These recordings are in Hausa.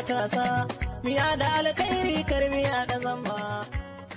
matasa, da alkhairi da zamba.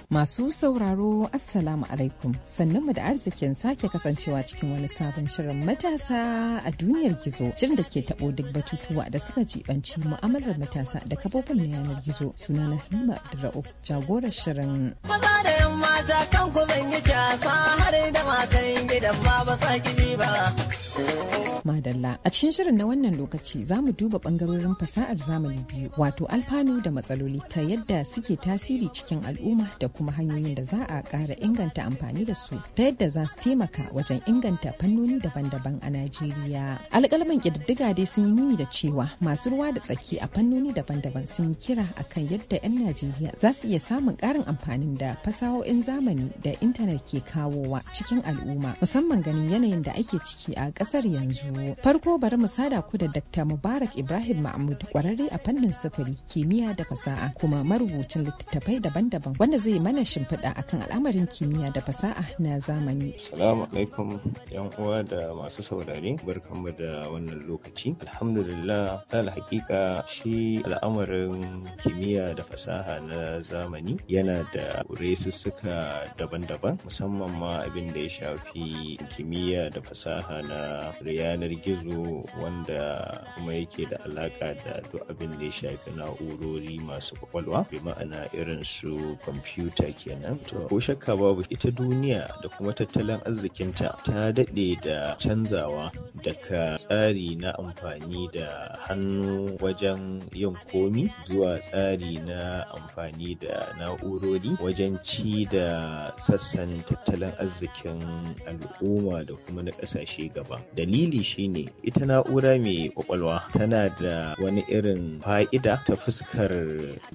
Masu sauraro Assalamu alaikum sannunmu da arzikin sake kasancewa cikin wani sabon shirin matasa a duniyar gizo shirin da ke taɓo duk batutuwa da suka jibanci mu'amalar matasa da kafofin na yanar gizo suna na Halima Abdurra'u jagorar shirin. Maza da yan mata kan yi casa har da matan gidan ma ba sa ba. Madalla. A cikin shirin na wannan lokaci za mu duba ɓangarorin fasahar zamani biyu wato alfanu da matsaloli ta yadda suke tasiri cikin al'umma da kuma hanyoyin da za a ƙara inganta amfani da su ta yadda za su taimaka wajen inganta fannoni daban-daban a Najeriya. Alƙalman ƙididdiga dai sun yi nuni da cewa masu ruwa da tsaki a fannoni daban-daban sun yi kira akan yadda 'yan Najeriya za su iya samun ƙarin amfanin da fasahohin zamani da intanet ke kawowa cikin al'umma musamman ganin yanayin da ake ciki a ƙasar yanzu. mu. Farko bari mu sada ku da Dr. Mubarak Ibrahim Mahmud kwararre a fannin sufuri, kimiyya da fasaha kuma marubucin littattafai daban-daban wanda zai mana shimfiɗa akan al'amarin kimiyya da fasaha na zamani. Salamu alaikum yan uwa da masu saurare barkanmu da wannan lokaci. Alhamdulillah ta hakika shi al'amarin kimiyya da fasaha na zamani yana da resussuka daban-daban musamman ma abin da ya shafi kimiyya da fasaha na real yanar gizo wanda kuma yake da alaka da duk abin da ya shafi na'urori masu kwakwalwa bi ma'ana irin su kwamfuta kenan to ko shakka babu ita duniya da kuma tattalin arzikinta ta daɗe da canzawa daga tsari na amfani da hannu wajen yin komi zuwa tsari na amfani da na'urori wajen ci da sassan tattalin arzikin al'umma da kuma na ƙasashe gaba dalili shine ita na'ura mai kwakwalwa tana da wani irin fa'ida ta fuskar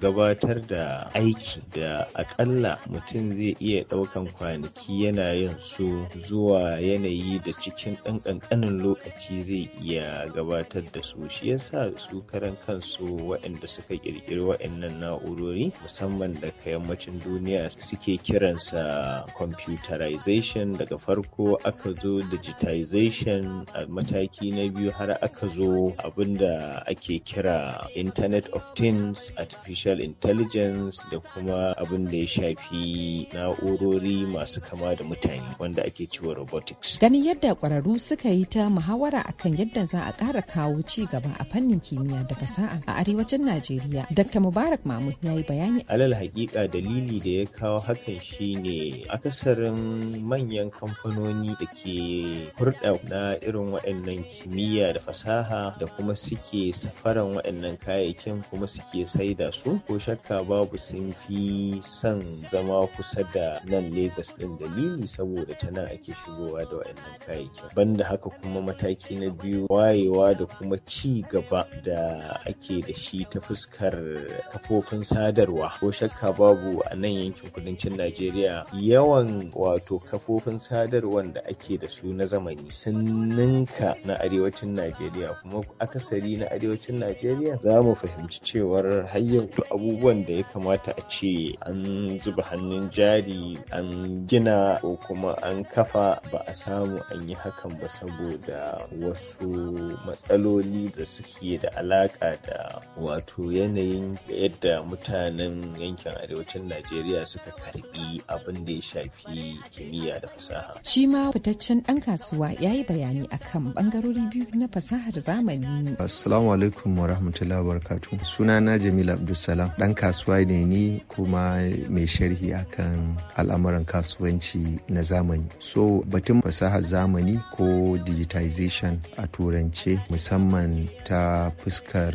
gabatar da aiki da akalla mutum zai iya ɗaukan kwanaki yana yin su zuwa yanayi da cikin dan kankanin lokaci zai iya gabatar da su shi yasa su karan kansu waɗanda suka ƙirƙiri waɗannan na'urori musamman da yammacin duniya suke kiransa computerization daga farko aka zo digitization a mataki na biyu har aka zo abin ake kira internet of things artificial intelligence da kuma abin da ya shafi na'urori masu kama da mutane wanda ake cewa robotics Gani yadda kwararru suka yi ta muhawara akan yadda za a ƙara kawo ci gaba a fannin kimiyya da fasaha a arewacin najeriya dr mubarak mahmud ya yi bayani alal hakika dalili da ya kawo hakan shine akasarin manyan kamfanoni da ke hurɗa na irin waɗannan wannan kimiyya da fasaha da kuma suke safaran waɗannan kayayyakin kuma suke saida su ko shakka babu sun fi son zama kusa da nan Legas ɗin dalili saboda ta nan ake shigowa da waɗannan kayayyakin banda haka kuma mataki na biyu wayewa da kuma ci gaba da ake da shi ta fuskar kafofin sadarwa ko shakka babu a nan yankin kudancin Najeriya yawan wato kafofin sadarwar da ake da su na zamani sun ninka na, arewacin Najeriya kuma akasari na arewacin Najeriya za mu fahimci cewar har yanzu abubuwan da ya kamata a ce an zuba hannun jari an gina ko kuma an kafa ba a samu an yi hakan ba saboda wasu matsaloli da suke da alaka da wato yanayin yadda mutanen yankin arewacin Najeriya suka karbi abin da ya shafi kimiyya da fasaha. Shi ma fitaccen ɗan kasuwa ya yi bayani akan bangarori biyu na fasahar zamani. Assalamu alaikum wa rahmatullahi wa barakatuh. na Jamila Abdulsalam ɗan kasuwa ne ni kuma mai sharhi akan al'amuran kasuwanci na zamani. So batun fasahar zamani ko digitization a turance musamman ta fuskar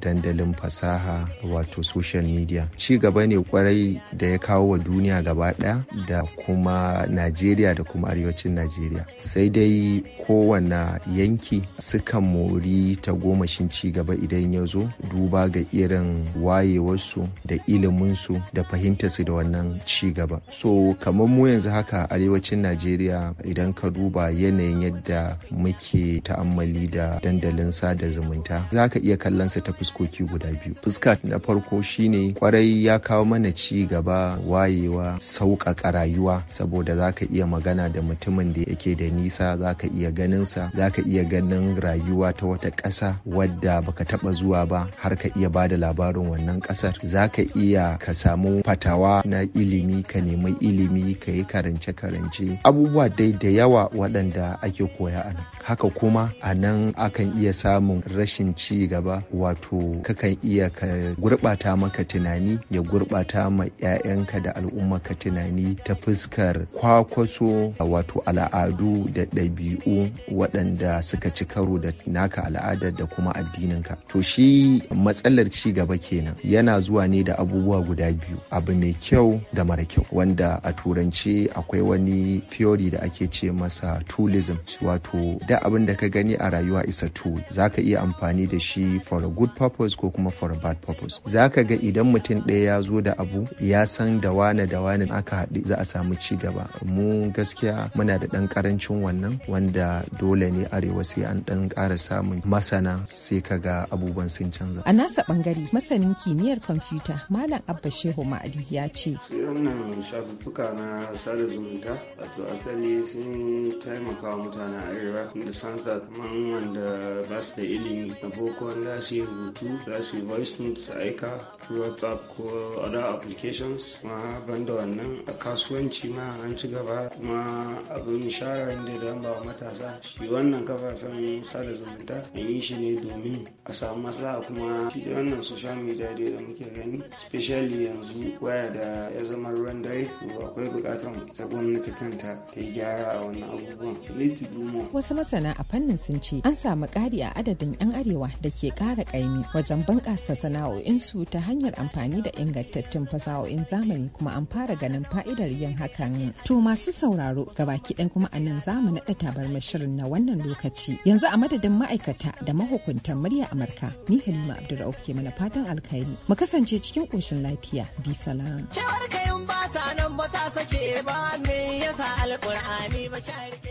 dandalin fasaha wato social media. Ci gaba ne kwarai da ya kawo wa duniya gaba ɗaya da kuma Najeriya da kuma arewacin Najeriya. Sai dai kowanne. yanki sukan mori tagomashin ci gaba idan ya zo duba ga irin wayewarsu da iliminsu da fahimtarsu da wannan ci gaba so kamar mu yanzu haka arewacin najeriya idan ka duba yanayin yadda muke ta'ammali da dandalin sada zumunta za ka iya kallon sa ta fuskoki guda biyu fuska na farko shine kwarai ya kawo mana ci gaba wayewa sauƙaƙa rayuwa saboda za ka iya magana da mutumin da yake da nisa za ka iya ganinsa za za ka iya ganin rayuwa ta wata ƙasa wadda baka taɓa zuwa ba har ka iya bada labarin wannan ƙasar za ka iya ka samu fatawa na ilimi ka nemi ilimi ka yi karance-karance abubuwa dai da yawa waɗanda ake koya a nan haka kuma a nan akan iya samun rashin ci gaba wato kakan iya ka gurɓata maka tunani ya gurɓata ma 'ya'yanka da al'umma ka tunani ta fuskar kwakwaso wato al'adu da ɗabi'u waɗanda da suka ci karo da naka al'adar da kuma addininka to shi matsalar ci gaba kenan yana zuwa ne da abubuwa guda biyu abu mai kyau da mara kyau wanda a turanci akwai wani theory da ake ce masa tourism wato da abin da ka gani a rayuwa isa tool zaka iya amfani da shi for a good purpose ko kuma for a bad purpose zaka ga idan mutum ɗaya ya zo da abu ya san da wane da wane aka haɗu za a samu ci gaba mu gaskiya muna da ɗan ƙarancin wannan wanda dole ne sai arewa sai an dan kara samun masana sai ka ga abubuwan sun canza. A nasa bangare masanin kimiyyar kwamfuta Malam Abba Shehu Ma'adi ya ce. Sai wannan shafuffuka na sada zumunta wato asali sun taimaka wa mutanen arewa da sansa kaman wanda ba su da ilimi na boko wanda su yi rubutu za su yi voice notes aika whatsapp ko other applications kuma ban da wannan a kasuwanci ma an ci gaba kuma abin shara da zan ba matasa shi wannan wannan kafafen sada zumunta an yi shi ne domin a samu maslaha kuma shi wannan social media dai da muke gani specially yanzu waya da ya zama ruwan dare akwai bukatar ta gwamnati kanta ta yi gyara a wannan abubuwan wasu masana a fannin sun ce an samu kari a adadin 'yan arewa da ke kara kaimi wajen bunƙasa sana'o'insu ta hanyar amfani da ingantattun fasahohin zamani kuma an fara ganin fa'idar yin hakan to masu sauraro gabaki ɗaya kuma a nan zamu naɗa tabarmar shirin na wannan lokaci. Yanzu a madadin ma'aikata da mahukuntan murya Amurka, ni Halima Abdulrauf ke mana fatan alkhairi. Mu kasance cikin koshin lafiya. Bi salam. Kewar bata nan ba ta sake yasa ba